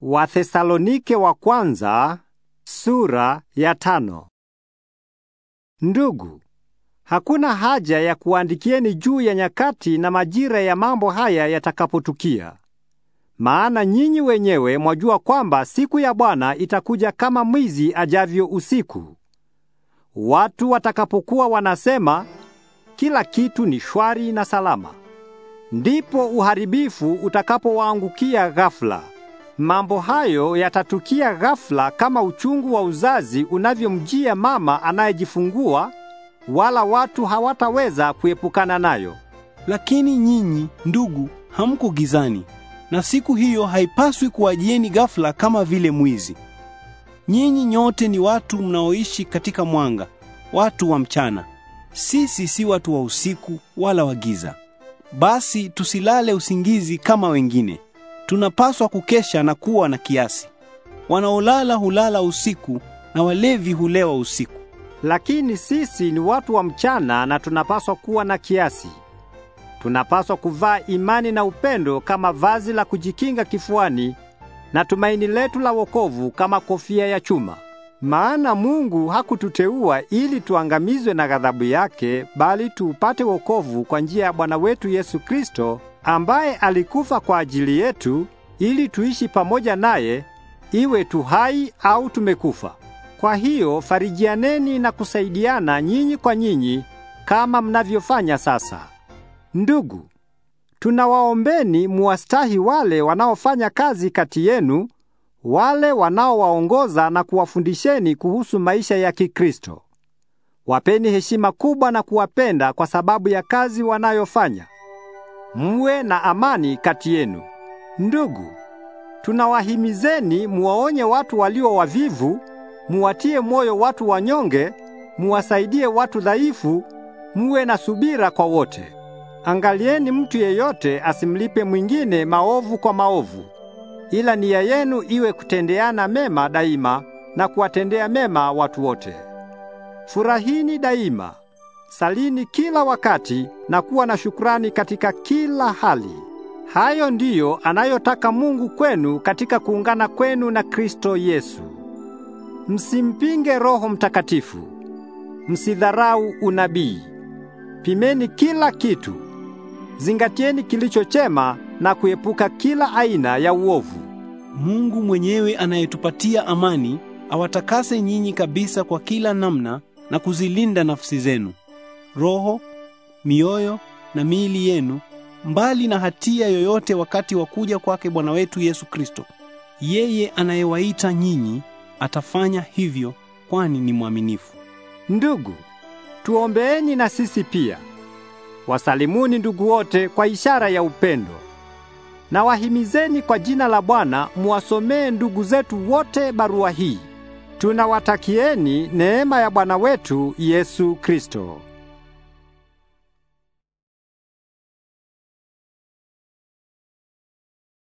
Wathesalonike wa kwanza sura ya tano. Ndugu, hakuna haja ya kuandikieni juu ya nyakati na majira ya mambo haya yatakapotukia. Maana nyinyi wenyewe mwajua kwamba siku ya Bwana itakuja kama mwizi ajavyo usiku. Watu watakapokuwa wanasema kila kitu ni shwari na salama, ndipo uharibifu utakapowaangukia ghafla. Mambo hayo yatatukia ghafla kama uchungu wa uzazi unavyomjia mama anayejifungua, wala watu hawataweza kuepukana nayo. Lakini nyinyi ndugu, hamko gizani, na siku hiyo haipaswi kuwajieni ghafla kama vile mwizi. Nyinyi nyote ni watu mnaoishi katika mwanga, watu wa mchana. Sisi si watu wa usiku wala wa giza. Basi tusilale usingizi kama wengine tunapaswa kukesha na kuwa na kiasi. Wanaolala hulala usiku na walevi hulewa usiku. Lakini sisi ni watu wa mchana na tunapaswa kuwa na kiasi. Tunapaswa kuvaa imani na upendo kama vazi la kujikinga kifuani na tumaini letu la wokovu kama kofia ya chuma. Maana Mungu hakututeua ili tuangamizwe na ghadhabu yake, bali tuupate wokovu kwa njia ya Bwana wetu Yesu Kristo ambaye alikufa kwa ajili yetu ili tuishi pamoja naye, iwe tu hai au tumekufa. Kwa hiyo farijianeni na kusaidiana nyinyi kwa nyinyi kama mnavyofanya sasa. Ndugu, tunawaombeni muwastahi wale wanaofanya kazi kati yenu, wale wanaowaongoza na kuwafundisheni kuhusu maisha ya Kikristo. Wapeni heshima kubwa na kuwapenda kwa sababu ya kazi wanayofanya muwe na amani kati yenu. Ndugu, tunawahimizeni muwaonye watu walio wavivu, muwatie moyo watu wanyonge, muwasaidie watu dhaifu, muwe na subira kwa wote. Angalieni mtu yeyote asimlipe mwingine maovu kwa maovu, ila nia yenu iwe kutendeana mema daima na kuwatendea mema watu wote. Furahini daima. Salini kila wakati na kuwa na shukrani katika kila hali. Hayo ndiyo anayotaka Mungu kwenu katika kuungana kwenu na Kristo Yesu. Msimpinge Roho Mtakatifu. Msidharau unabii. Pimeni kila kitu. Zingatieni kilicho chema na kuepuka kila aina ya uovu. Mungu mwenyewe anayetupatia amani awatakase nyinyi kabisa kwa kila namna na kuzilinda nafsi zenu roho, mioyo na miili yenu mbali na hatia yoyote wakati wa kuja kwake Bwana wetu Yesu Kristo. Yeye anayewaita nyinyi atafanya hivyo, kwani ni mwaminifu. Ndugu, tuombeeni na sisi pia. Wasalimuni ndugu wote kwa ishara ya upendo. Na wahimizeni kwa jina la Bwana muwasomee ndugu zetu wote barua hii. Tunawatakieni neema ya Bwana wetu Yesu Kristo.